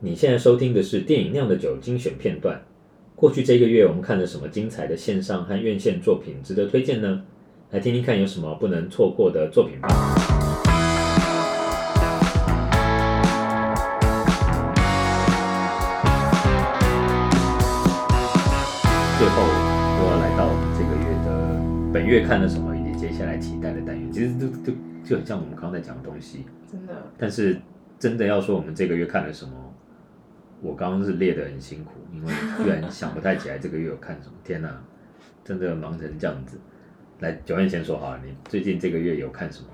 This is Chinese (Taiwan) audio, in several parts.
你現在收聽的是電影釀的酒精選片段。過去這個月，我們看了什麼精彩的線上和院線作品值得推薦呢？來聽聽看有什麼不能錯過的作品吧。最後，我要來到這個月的本月看了什麼？以及接下來期待的單元，其實都都就很像我們剛才講的東西，真的。但是真的要說我們這個月看了什麼？我剛剛是列得很辛苦，因為突然想不太起來這個月有看什麼。 天哪、啊，真的忙成這樣子。來，九月先說好了，你最近這個月有看什麼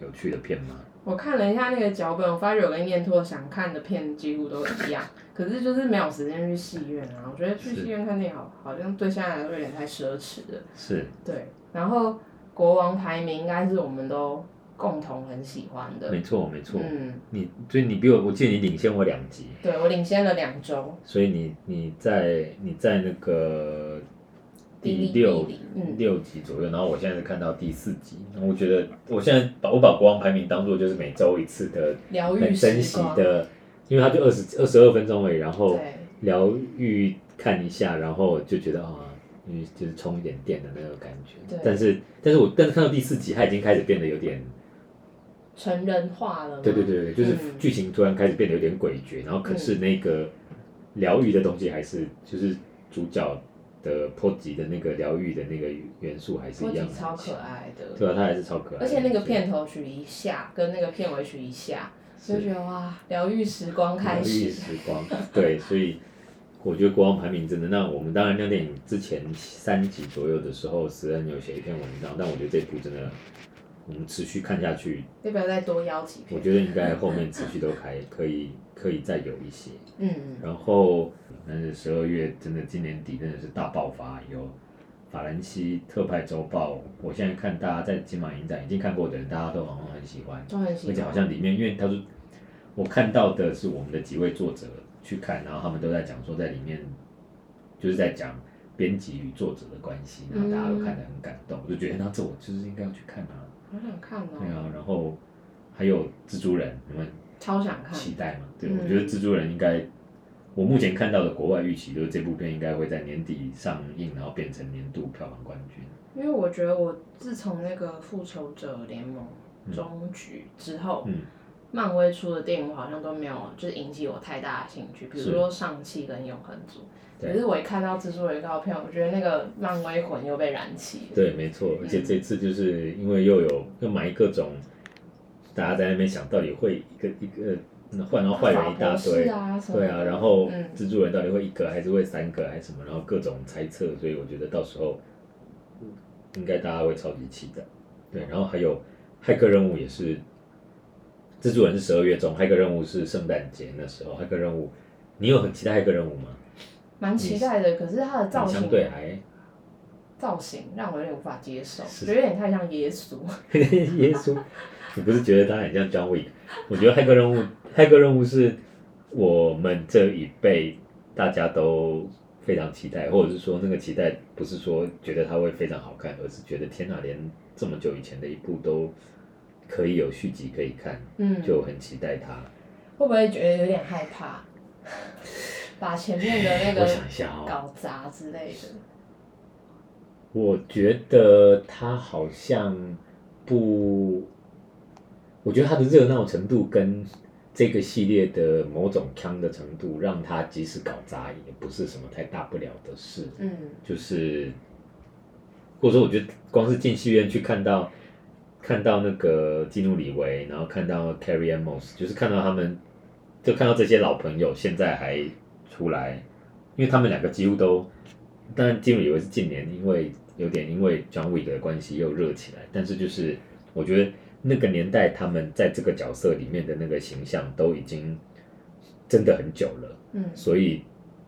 有趣的片嗎？我看了一下那個腳本，我發覺我跟燕托想看的片幾乎都一樣，可是就是沒有時間去戲院啊。我覺得去戲院看電影，好好像對現在來說有點太奢侈了。是。對，然後國王排名應該是我們都。共同很喜歡的，沒錯沒錯，沒錯嗯，你，所以你比我，我記得你領先我兩集，對我領先了兩週，所以你你在你在那個第六、嗯、六集左右，然後我現在是看到第四集，我覺得我現在把我把國王排名當做就是每周一次的，療癒很珍惜的，因為它就二十二十二分鐘而已，然後對療癒看一下，然後就覺得啊，因為就是充一點電的那個感覺，對但是但是我但是看到第四集，它已經開始變得有點。成人化了。對對對，就是劇情突然開始變得有點詭譎，嗯、然後可是那個療癒的東西還是，嗯、就是主角的波吉的那個療癒的那個元素還是一樣的。波吉超可愛的。對啊，他還是超可愛的。而且那個片頭曲一下，以跟那個片尾曲一下，是所以覺得哇，療癒時光開始。療癒時光，對， 所以我覺得國王排名真的，那我們當然釀電影之前三集左右的時候，其實有寫一篇文章，但我覺得這部真的。我們持續看下去，要不要再多邀幾篇？我覺得應該後面持續都還可以，可以再有一些。嗯，然後嗯，十二月真的今年底真的是大爆發，有《法蘭西特派週報》。我現在看大家在金馬影展已經看過的人，大家都好像很喜歡，而且好像裡面，因為他說，我看到的是我們的幾位作者去看，然後他們都在講說在裡面就是在講編輯與作者的關係，然後大家都看得很感動，我就覺得那這我就是應該要去看啊。好想看啊、哦！對啊，然後還有蜘蛛人，你們超想看，期待嘛？對，嗯、我覺得蜘蛛人應該，我目前看到的國外預期就是這部片應該會在年底上映，然後變成年度票房冠軍。因為我覺得我自從那個復仇者聯盟終局之後，嗯嗯、漫威出的電影我好像都沒有，就是引起我太大的興趣，比如說上氣跟永恆族。對，可是我一看到蜘蛛人預告片，我覺得那個漫威魂又被燃起。對，沒錯，而且這次就是因為又有又埋各種，大家在那邊想到底會一個一個換到壞人一大堆，是啊對啊，然後蜘蛛人、嗯、到底會一個還是會三個還是什麼，然後各種猜測，所以我覺得到時候應該大家會超級期待。對，然後還有駭客任務也是，蜘蛛人是十二月中，駭客任務是聖誕節那時候。駭客任務，你有很期待駭客任務嗎？蠻期待的，可是他的造型，造型讓我有點無法接受，是有點太像 耶穌。耶穌？你不是覺得他很像 John Wick？我覺得《駭客任務》《駭客任務》是我們這一輩大家都非常期待，或者是說那個期待不是說覺得他會非常好看，而是覺得天吶，連這麼久以前的一部都可以有續集可以看，就很期待它。嗯。會不會覺得有點害怕？把前面的那個搞砸之類的，我想一下哦，我覺得他好像不，我覺得他的熱鬧程度跟這個系列的某種腔的程度，讓他即使搞砸也不是什麼太大不了的事。嗯，就是或者說，我覺得光是進戲院去看到看到那個基努里維，然後看到 Carrie-Anne Moss，就是看到他們，就看到這些老朋友現在還。出來，因為他們兩個幾乎都，當然基努李維是近年，因為有點因為 John Wick 的關係又熱起來，但是就是我覺得那個年代他們在這個角色裡面的那個形象都已經真的很久了，嗯，所以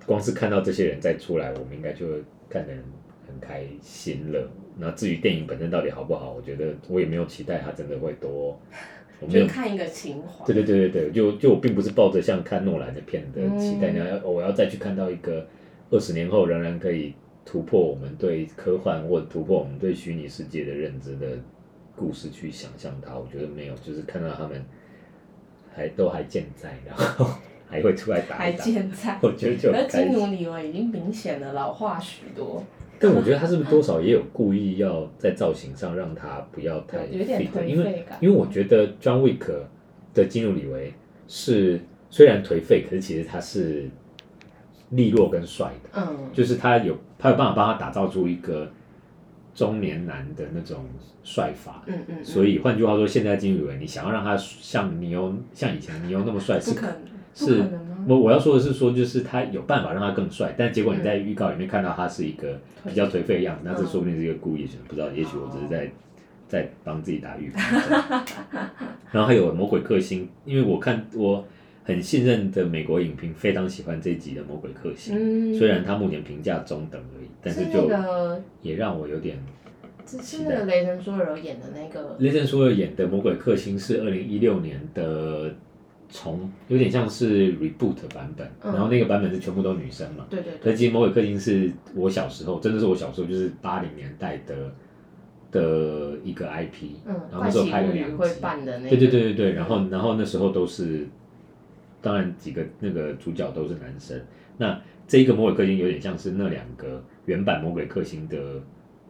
光是看到這些人再出來，我們應該就會看得很開心了。那至於電影本身到底好不好，我覺得我也沒有期待它真的會多。就看一個情懷。對對對對對，就就我並不是抱着像看諾蘭的片的期待，你要我要再去看到一個二十年後仍然可以突破我們對科幻或突破我們對虛擬世界的認知的故事去想象它，我覺得沒有，就是看到他們還都還健在，然後還會出來打。還健在，我覺得就。而金努尼面已經明顯的老化許多。但我覺得他是不是多少也有故意要在造型上讓他不要太頹廢，因為因為我覺得 John Wick 的基努·李維是雖然頹廢，可是其實他是利落跟帥的，就是他有他有辦法幫他打造出一個中年男的那種帥法，所以換句話說，現在基努·李維你想要讓他像尼歐像以前尼歐那麼帥是可我我要說的是說，就是他有辦法讓他更帥，但結果你在預告裡面看到他是一個比較頹廢的樣子，嗯、那這說不定是一個故意，嗯、不知道，嗯、也許我只是在在幫自己打預防針。嗯、然後還有《魔鬼剋星》，因為我看我很信任的美國影評非常喜歡這一集的《魔鬼剋星》，嗯、雖然他目前評價中等而已，但是就也讓我有點。這是那個雷神索爾演的那個。雷神索爾演的《魔鬼剋星》是二零一六年的。從有點像是 reboot 版本，嗯、然後那個版本是全部都女生嘛？嗯、對，對對。可是其實《魔鬼克星》是我小時候，真的是我小時候，就是八零年代的的一個 IP。嗯，然後那時候拍了兩集。嗯，怪奇女會扮的那個。對對對對對，然後然後那時候都是，當然幾個那個主角都是男生。那這一個《魔鬼克星》有點像是那兩個原版《魔鬼克星》的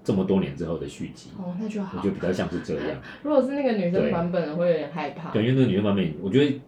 這麼多年之後的續集。哦，那就好。我覺得比較像是這樣。如果是那個女生版本的，會有點害怕對。對，因為那個女生版本，我覺得。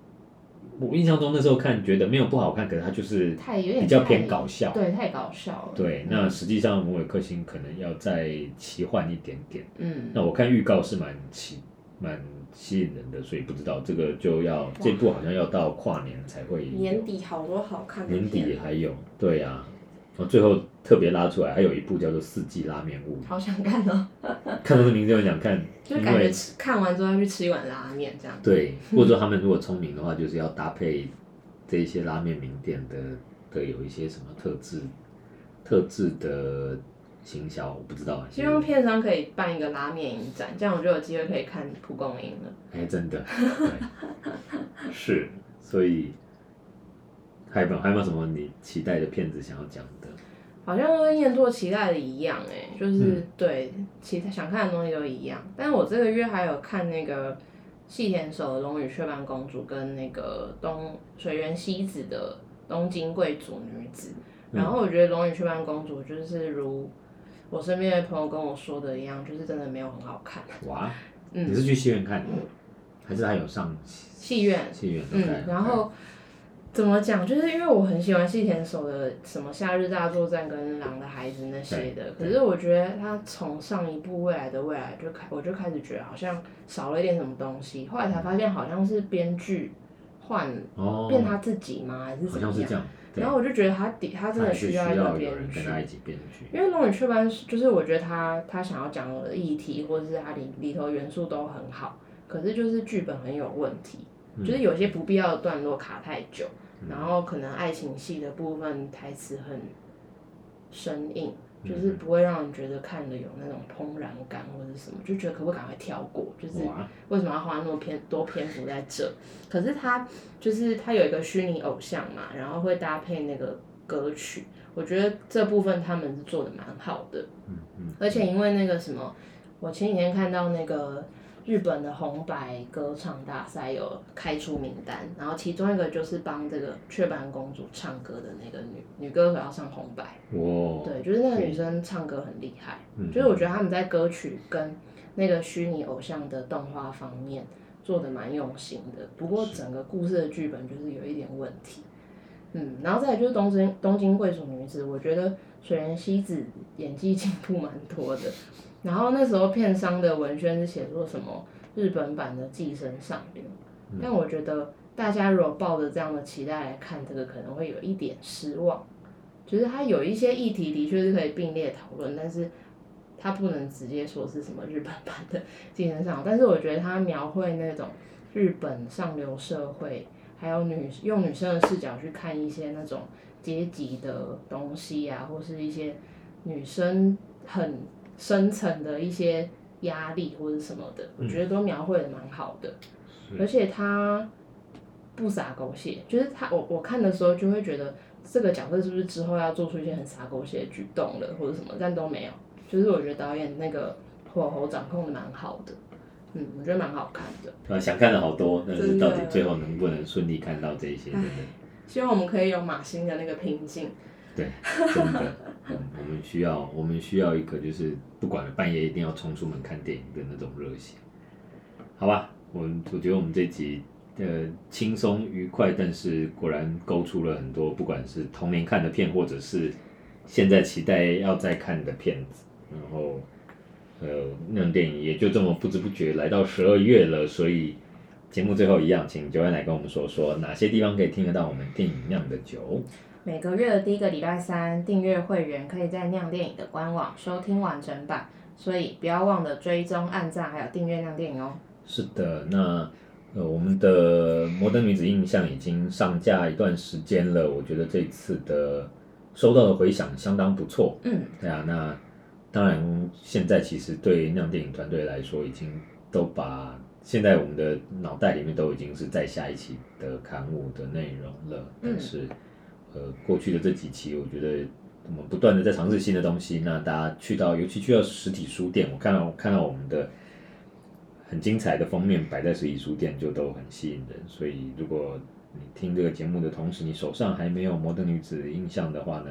我印象中那時候看，覺得沒有不好看，可是它就是比較偏搞笑，對，太搞笑了。對，那實際上《魔鬼克星》可能要再奇幻一點點。嗯，那我看預告是蠻吸蠻吸引人的，所以不知道這個就要哇這部好像要到跨年才會。年底好多好看的。年底還有，對呀、啊。我最後特別拉出來，還有一部叫做《四季拉麵屋》，好想看哦，喔！ 看到這名字就想看，就感覺吃為看完之後要去吃一碗拉麵這樣。對，或者說他們如果聰明的話，就是要搭配這些拉麵名店的的有一些什麼特製、特製的行銷，我不知道，啊。希望片商可以辦一個拉麵影展，這樣我就有機會可以看蒲公英了。哎， 欸，真的，對，是，所以。還有還有沒有什麼你期待的片子想要講的？好像跟彥作期待的一樣、欸、就是、嗯、對其他想看的東西都一樣。但是我這個月還有看那個細田守的《龍與雀斑公主》跟那個東水原希子的《東京貴族女子》嗯，然後我覺得《龍與雀斑公主》就是如我身邊的朋友跟我說的一樣，就是真的沒有很好看。哇！就嗯、你是去戲院看的，嗯、還是他有上戲院？戲院，嗯，okay, 然後。Okay. 怎麼講？就是因為我很喜歡細田守的什麼《夏日大作戰》跟《狼的孩子》那些的，可是我覺得他從上一部《未來的未來》就開我就開始覺得好像少了一點什麼東西，嗯、後來才發現好像是編劇換變他自己嗎？還是怎麼樣？然後我就覺得他他真的需要一個編劇，因為《龍與雀斑》是就是我覺得他他想要講的議題或者是他裡裡頭元素都很好，可是就是劇本很有問題，嗯、就是有些不必要的段落卡太久。然後可能愛情戲的部分台詞很生硬，就是不會讓人覺得看的有那種怦然感或者什麼，就覺得可不可以趕快跳過？就是為什麼要花那麼偏多篇幅在這？可是他就是他有一個虛擬偶像嘛，然後會搭配那個歌曲，我覺得這部分他們是做的蠻好的。而且因為那個什麼，我前幾天看到那個。日本的紅白歌唱大賽有開出名單，然後其中一個就是幫這個雀斑公主唱歌的那個女女歌手要唱紅白。哇對，就是那個女生唱歌很厲害，嗯、就是我覺得他們在歌曲跟那個虛擬偶像的動畫方面做得蠻用心的，不過整個故事的劇本就是有一點問題。是嗯，然後再來就是東京東京貴族女子，我覺得。水原希子演技進步蠻多的，然後那時候片商的文宣是寫說什麼日本版的《寄生上流》，嗯，但我覺得大家如果抱着這樣的期待來看這個，可能會有一點失望。就是它有一些議題的確是可以並列討論，但是它不能直接說是什麼日本版的《寄生上流》，但是我覺得它描繪那種日本上流社會，還有女用女生的視角去看一些那種。階級的東西呀，啊，或是一些女生很深層的一些壓力或者什麼的，嗯、我覺得都描繪得蠻好的，是而且他不撒狗血，就是他我我看的時候就會覺得這個角色是不是之後要做出一些很撒狗血的舉動了或者什麼，但都沒有，就是我覺得導演那個火候掌控得蠻好的，嗯，我覺得蠻好看的，啊。想看了好多，但是到底最後能不能順利看到這些，真的希望我們可以有馬新的那個平靜，對，真的，嗯、我們我們需要，我們需要一個就是不管半夜一定要衝出門看電影的那種熱情，好吧，我我覺得我們這集呃輕鬆愉快，但是果然勾出了很多不管是童年看的片，或者是現在期待要再看的片子，然後呃那種電影也就這麼不知不覺來到十二月了，所以。節目最後一樣，請九愛來跟我們說說哪些地方可以聽得到我們電影釀的酒。每個月的第一個禮拜三，訂閱會員可以在釀電影的官網收聽完整版，所以不要忘了追蹤、按讚還有訂閱釀電影哦。是的，那呃，我們的《摩登女子》印象已經上架一段時間了，我覺得這次的收到的回響相當不錯。嗯，對啊，那當然，現在其實對於釀電影團隊來說已經。都把現在我們的腦袋裡面都已經是在下一期的刊物的內容了，嗯、但是呃，過去的這幾期，我覺得我們不斷的在嘗試新的東西。那大家去到，尤其去到實體書店，我看到看到我們的很精彩的封面擺在實體書店，就都很吸引人。所以，如果你聽這個節目的同時，你手上還沒有《摩登女子》印象的話呢，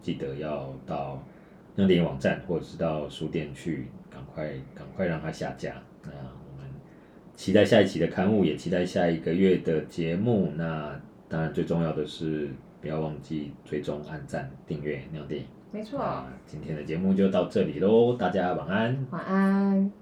記得要到釀電影網站或者是到書店去，趕快趕快讓它下架。對，我們期待下一期的刊物，也期待下一個月的節目。那當然最重要的是，不要忘記追蹤、按讚、訂閱釀電影。沒錯，今天的節目就到這裡嘍，大家晚安。晚安。